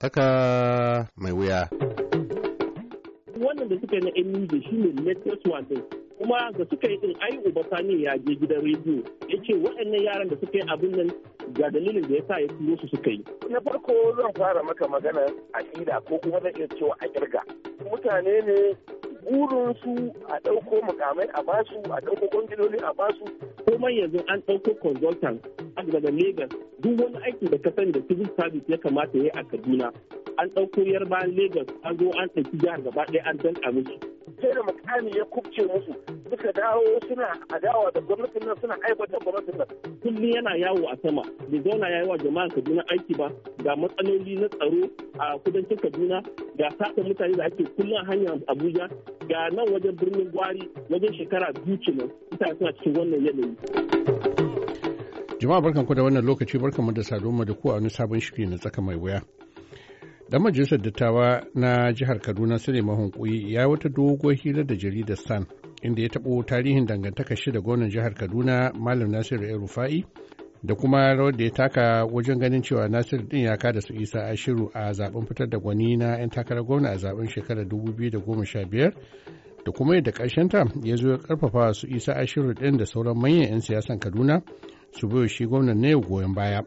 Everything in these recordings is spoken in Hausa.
Tsaka mai wuya. Wannan da suka yi na Enugu shi ne latest one kuma da suka yi din ai uba sani ya je gidan rediyo ya ce waɗannan yaran da suka yi abin nan ga dalilin da ya sa ya turo su suka yi. Na farko zan fara maka magana aƙida ko kuma zan iya cewa a ƙirga. Mutane ne burinsu a ɗauko mukamai a basu a ɗauko kwangiloli a basu komai yanzu an ɗauko consultant daga Lagos duk wani aiki da ka sani da civil service ya kamata ya yi a Kaduna an ɗauko yar bayan Lagos an zo an ɗauki jihar gaba ɗaya an danƙa miki. Sai da mutane ya kubce musu suka dawo suna adawa da gwamnatin nan suna aikata gwamnatin nan kullum yana yawo a sama bai zauna ya yi wa jama'a kaduna aiki ba ga matsaloli na tsaro a kudancin kaduna ga sata mutane da ake kullum hanyar abuja ga nan wajen birnin gwari wajen shekara biyu nan mutane suna cikin wannan yanayi. jama'a barkanku da wannan lokaci mu da saduwa da ku a wani sabon shiri na tsaka mai wuya. Dan majalisar dattawa na jihar Kaduna Sule Mahunkuyi ya wata doguwar hira da jaridar San inda ya taɓo tarihin dangantaka shi da gwamnan jihar kaduna malam nasiru el rufa'i da kuma rawar da ya taka wajen ganin cewa nasiru din ya kada su isa ashiru a zaben fitar da gwani na 'yan takarar gwamna a zaben shekarar 2015 da kuma yadda ta ya zo ya karfafa su isa ashiru din da sauran manyan 'yan siyasan kaduna su biyo shi gwamnan na yau goyon baya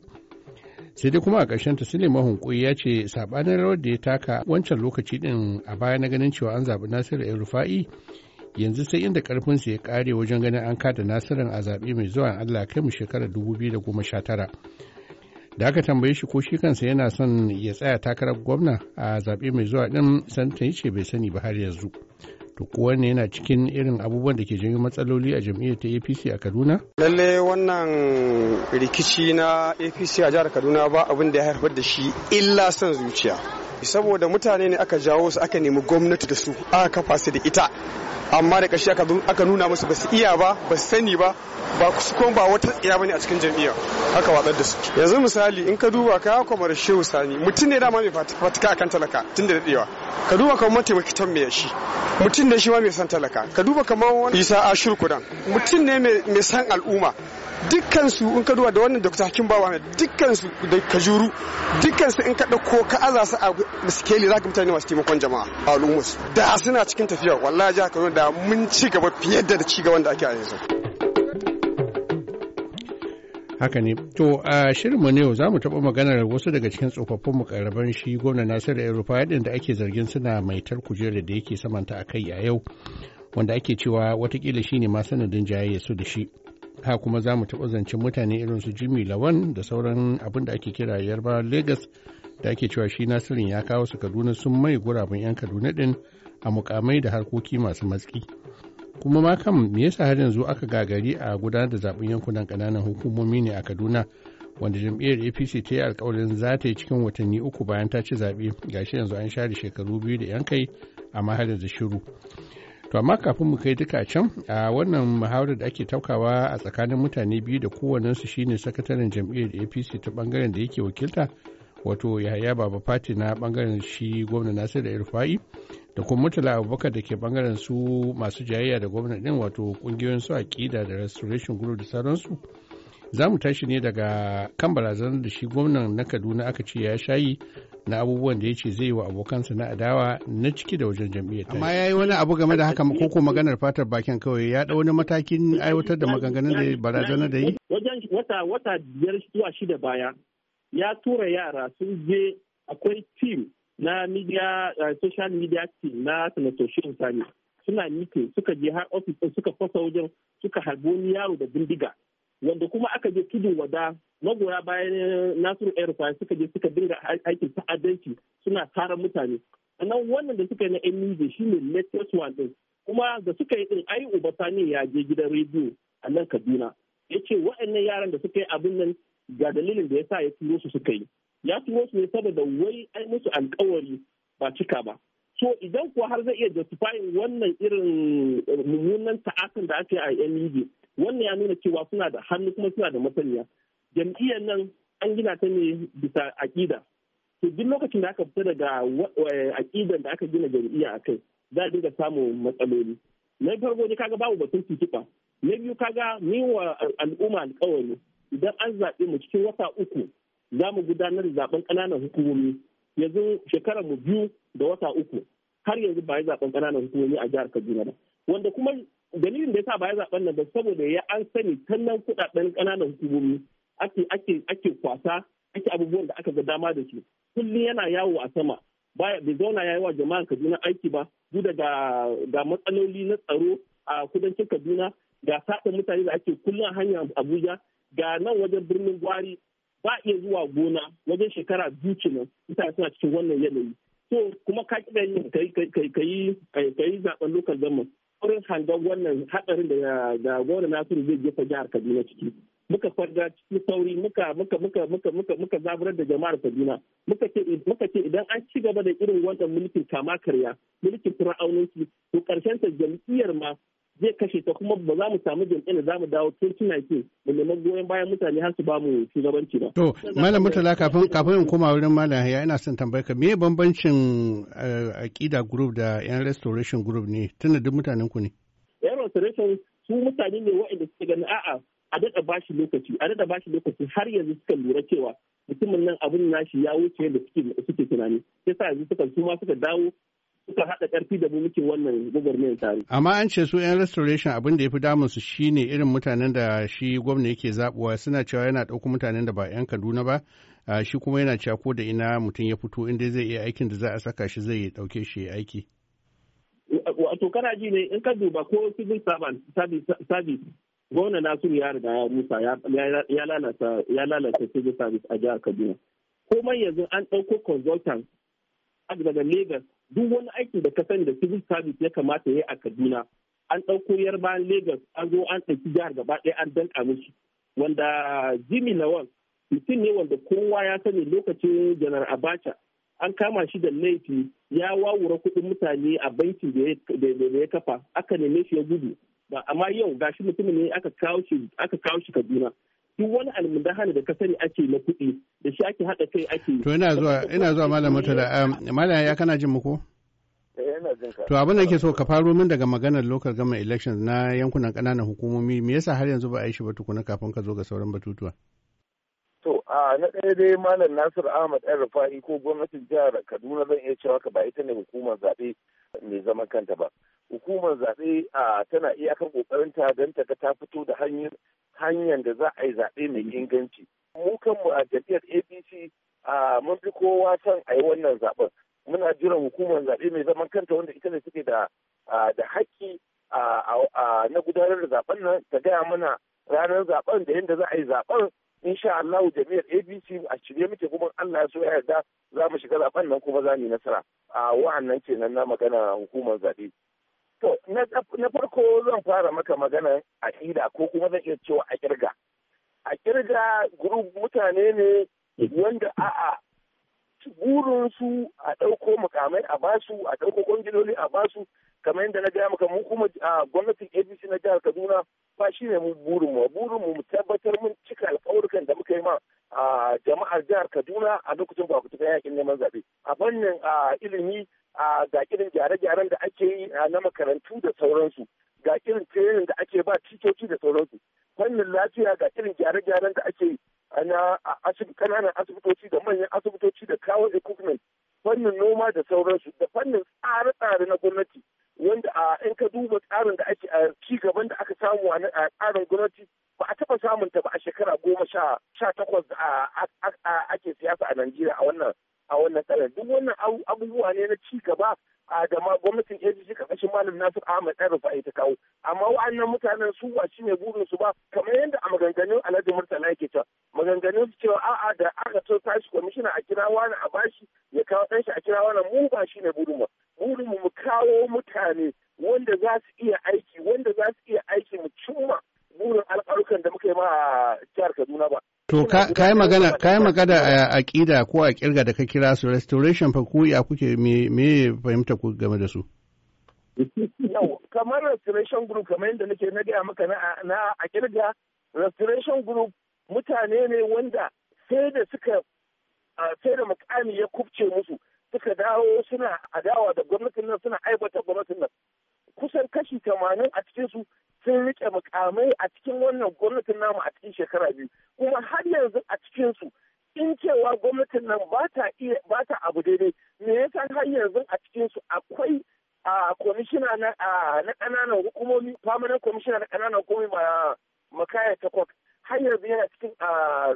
sai dai kuma a ƙarshen ta ne mahunkuri ya ce sabanin rawar da ya taka wancan lokaci din a baya na ganin cewa an zaɓi nasiru el rufa'i yanzu sai inda karfinsu ya kare wajen ganin an kada nasirin a zaɓe mai zuwa allah kai mu shekarar 2019 da goma sha tara da aka tambaye shi ko shi kansa yana son ya tsaya takarar gwamna a zaɓe mai zuwa ɗin sanata ya ce bai sani ba har yanzu to ko wanne yana cikin irin abubuwan da ke janyo matsaloli a jam'iyyar ta apc a kaduna lalle wannan rikici na apc a jihar kaduna ba abin da ya haifar da shi illa son zuciya saboda mutane ne aka jawo su aka nemi gwamnati da su aka kafa su da ita amma da ƙarshe aka nuna musu ba su iya ba ba su sani ba ba su kuma ba wata tsira bane a cikin jam'iyya aka watsar da su yanzu misali in ka duba ka kamar shehu sani mutum ne dama mai fatika akan talaka tun da daɗewa ka duba kamar mataimakitan mai yashi mutum ne shi ma mai san talaka ka duba kamar isa ashir kudan mutum ne mai san al'umma Dukkan su in ka duba da wannan dr hakim bawa mai su da kajuru su in ka dauko ka aza su a skeli za ka mutane masu taimakon jama'a al'ummus da suna cikin tafiya wallahi jihar kaduna da mun ci gaba fiye da ci gaban da ake a yanzu. haka ne to a shirin mu ne za mu taɓa maganar wasu daga cikin tsofaffin mukarraban shi gwamna nasiru europa yadda da ake zargin suna maitar kujerar da yake samanta a kai a yau wanda ake cewa watakila ne ma sanadin jayayya su da shi ha kuma za mu taɓa zancen mutane irin su jimmy lawan da sauran abin da ake kira yarba lagos da ake cewa shi nasirin ya kawo su kaduna sun mai guraben 'yan kaduna din a mukamai da harkoki masu matsi kuma ma kam me yasa har yanzu aka gagari a gudanar da zaben yankunan ƙananan hukumomi ne a kaduna wanda jam'iyyar apc ta yi alkawarin za ta yi cikin watanni uku bayan ta ci zaɓe gashi yanzu an share shekaru biyu da 'yan kai amma har yanzu shiru To amma kafin mu kai duka can a wannan muhawarar da ake taukawa a tsakanin mutane biyu da kowannensu shine sakataren jam'iyyar APC ta bangaren da yake wakilta wato Yahaya Baba Fati na bangaren shi gwamna Nasiru Irfa'i da kuma Murtala Abubakar da ke bangaren su masu jayayya da gwamna din wato kungiyoyin su aƙida da Restoration Group da sauransu. su. za mu tashi ne daga kan barazanar da shi gwamnan na kaduna aka ce ya shayi na abubuwan da ya ce zai yi wa abokansa na adawa na ciki da wajen jam'iyyar amma ya yi wani abu game da haka koko maganar fatar bakin kawai ya ɗau wani matakin aiwatar da maganganun da barazanar da yi wajen wata wata biyar zuwa shida baya ya tura yara sun je akwai team na media eh, social media team na sanatoshi shehu suna mitin suka je har ofis suka fasa wajen suka harbi wani yaro da bindiga wanda kuma aka je tudu wada magoya bayan nasiru air suka je suka dinga aikin ta'addanci suna tara mutane sannan wannan da suka yi na yan shi ne latest one din kuma da suka yi din ai ubasani ya je gidan rediyo a nan kaduna ya ce waɗannan yaran da suka yi abin nan ga dalilin da ya sa ya turo su suka yi ya turo su ne saboda wai ai musu alkawari ba cika ba so idan kuwa har zai iya justifying wannan irin eh, mummunan ta'akan da aka yi a yan wannan ya nuna cewa suna da hannu kuma suna da masaniya jam'iyyar nan an gina ta ne bisa aƙida to duk lokacin da aka fita daga aƙidan da aka gina jam'iyya a kai za a dinga samun matsaloli na farko ne kaga babu batun tuntuɓa na biyu kaga min wa al'umma alƙawari idan an zaɓe mu cikin wata uku za mu gudanar da zaɓen ƙananan hukumomi yanzu shekarar mu biyu da wata uku har yanzu ba yi zaben ƙananan hukumomi a jihar kaduna ba wanda kuma dalilin da ya sa ba ya zaɓen nan ba saboda ya an sani tannan kuɗaɗen ƙananan hukumomi ake ake ake kwasa ake abubuwan da aka ga dama da su kullum yana yawo a sama baya bai zauna ya yi wa jama'a Kaduna aiki ba duk da ga matsaloli na tsaro a kudancin Kaduna ga sata mutane da ake kullum hanya Abuja ga nan wajen birnin Gwari ba iya zuwa gona wajen shekara biyu nan mutane suna cikin wannan yanayi so kuma ka kiɗa yin kai kai kai kai zaben saurin hangar wannan hatsarin da gona nasiru zai jefa jihar kaduna ciki muka farga cikin sauri muka muka muka muka muka muka zaburar da jama'ar kaduna muka ce muka ce idan an ci gaba da irin wannan mulkin kama karya mulkin fir'aunanci to karshen sa jam'iyyar ma zai kashe ta kuma ba za mu samu jam'iyyar za mu dawo 2019 mu neman goyon bayan mutane har su ba mu shugabanci ba. To, Malam Murtala kafin kafin in koma wurin Malam Haya ina son tambayar ka me bambancin eh, aƙida group da yan restoration group ne tunda duk mutanen ku ne. Yan restoration su mutane ne waɗanda suke ganin a'a a daɗa bashi lokaci a daɗa bashi lokaci har yanzu suka lura cewa mutumin nan abin nashi ya wuce da suke tunani sai sa yanzu suka suma suka dawo suka haɗa ƙarfi da mu muke wannan gwagwarmayar tare. Amma an ce su 'yan restoration abin da ya fi damun su shine irin mutanen da shi gwamna yake zabuwa suna cewa yana ɗauko mutanen da ba 'yan Kaduna ba shi kuma yana cewa ko da ina mutum ya fito inda zai iya aikin da za a saka shi zai ɗauke shi ya aiki. Wato kana ji ne in ka duba ko civil service gwamna Nasiru ya riga ya rusa ya lalata ya lalata civil service a jihar Kaduna. Komai yanzu an ɗauko consultant daga Lagos duk wani aikin da ka sani da civil service ya kamata ya yi a kaduna an ɗauko yar bayan lagos an zo an ɗauki jihar gaba ɗaya an danka shi wanda jimmy lawan mutum ne wanda kowa ya sani lokacin janar abacha an kama shi da laifi ya wawura kuɗin mutane a bankin da ya kafa aka neme shi ya gudu ba amma yau gashi mutumin ne aka kawo shi kaduna duk wani almundahani da ka sani ake na kuɗi da shi ake haɗa kai ake to ina zuwa ina zuwa malam mutala um, malam ya kana jin mu eh, To abin da ke so ka faro min daga maganar local government elections na yankunan ƙananan hukumomi me yasa har yanzu ba a yi shi ba tukuna kafin ka zo ga sauran batutuwa? To a na ɗaya dai Malam Nasir Ahmad ɗan Rufa'i ko gwamnatin jihar Kaduna zan iya cewa ka ba ita ne hukumar zaɓe mai zaman kanta ba. Hukumar zaɓe tana iyakar ƙoƙarinta don ta ta fito da hanyar hanyar da za a yi zaɓe mai mhm. inganci. Mu kanmu a jam'iyyar APC mun fi kowa son a yi wannan zaɓen. Muna jiran hukumar zaɓe mai zaman kanta wanda ita ne suke da da haƙƙi na gudanar da zaɓen nan ta gaya mana ranar zaɓen da yadda za a yi zaɓen insha Allahu jami'ar ABC a shirye muke kuma Allah ya so ya yarda za mu shiga zaɓen nan kuma za mu yi nasara a wa'annan kenan na magana hukumar zaɓe To, na farko zan fara maka magana a ƙida ko kuma zan iya cewa a ƙirga. A ƙirga gurub mutane ne wanda a'a burinsu a ɗauko mukamai a basu a ɗauko ƙungiyoyi a basu kamar yadda na gaya maka mu kuma a gwamnatin abc na jihar kaduna ba shi ne mu burinmu burinmu mu tabbatar mun cika alƙawurkan da muka yi ma a jama'ar jihar kaduna a lokacin ba yakin neman zaɓe a fannin ilimi a ga irin gyare-gyaren da ake yi na makarantu da sauransu ga irin training da ake ba cikoki da sauransu fannin lafiya ga irin gyare-gyaren da ake yi na kananan asibitoci da manyan asibitoci da kawo equipment fannin noma da sauransu da fannin tsare-tsare na gwamnati wanda a in ka duba tsarin da ake a ci gaban da aka samu a tsarin gwamnati ba a taɓa samun ba a shekara goma sha takwas da ake siyasa a Najeriya a wannan a wannan tsarin duk wannan abubuwa ne na ci gaba a da ma gwamnatin APC kashin malam Nasir Ahmed a Rufai ta kawo amma wa'annan mutanen su ba shine burin su ba kamar yadda a maganganun Alhaji Murtala yake ta maganganun su cewa a'a da aka so tashi kwamishina a kira wani a bashi ya kawo shi a kira wani mu ba shine burin mu burin mu kawo mutane wanda za su iya aiki wanda za su iya aiki mu cimma burin alƙarukan da muka yi ma jihar Kaduna ba To ka yi magana a aƙida ko a ƙirga da ka kira su restoration fa ku ya kuke me me fahimta ku game da su? Yau kamar restoration group kamar yadda nake na gaya maka na a ƙirga, restoration group mutane ne wanda sai da suka sai da mukami ya kubce musu suka dawo suna adawa da gwamnatin nan suna aibata gwamnatin nan kusan kashi tamanin a cikin su sun rike mukamai a cikin wannan gwamnatin namu a cikin shekara biyu kuma har yanzu a cikinsu in cewa gwamnatin nan ba ta iya ba ta abu daidai me yasa har yanzu a cikinsu akwai a kwamishina na ƙananan hukumomi permanent kwamishina na ƙananan hukumomi makaya takwas har yanzu yana cikin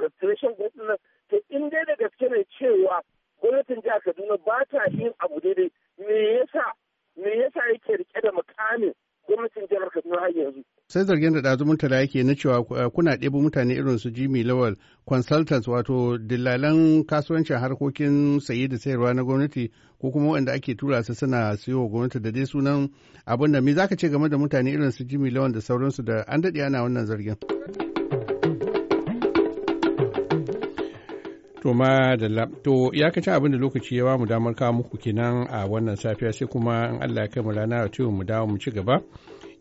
restoration group nan to in dai da gaske ne cewa gwamnatin jihar Kaduna ba ta yin abu daidai me yasa me yasa yake rike da mukamin gwamnatin jihar Kaduna har yanzu. Sai zargin da ɗazu Murtala yake na cewa eh, kuna ɗebo mutane irin su Jimmy Lawal consultants wato dillalan kasuwancin harkokin saye da sayarwa na gwamnati ko kuma waɗanda ake tura su suna siyo gwamnati da dai sunan abin da me zaka ce game da mutane irin su Jimmy Lawal da sauransu da an daɗe ana wannan zargin. To ma da to abin da lokaci ya ba mu damar kawo muku kenan a wannan safiya sai kuma in Allah ya kai mu rana ta mu dawo mu ci gaba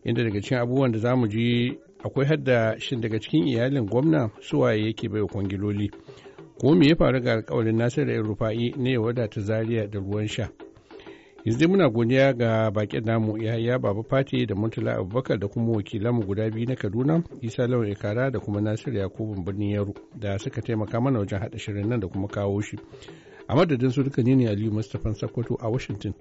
inda daga cikin abubuwan da zamu ji akwai hadda shin daga cikin iyalin gwamna suwaye yake bai kwangiloli ko me ya faru ga alƙawarin Nasiru Rufa'i ne ya wadata Zaria da ruwan sha. yanzu muna godiya ga bakin namu yaya baba fati da murtala abubakar da kuma wakilanmu guda biyu na kaduna isa lawan ikara da kuma nasir yakubu birnin yaro da suka taimaka mana wajen haɗa shirin nan da kuma kawo shi a madadin su duka ne aliyu mustapha sakoto a washington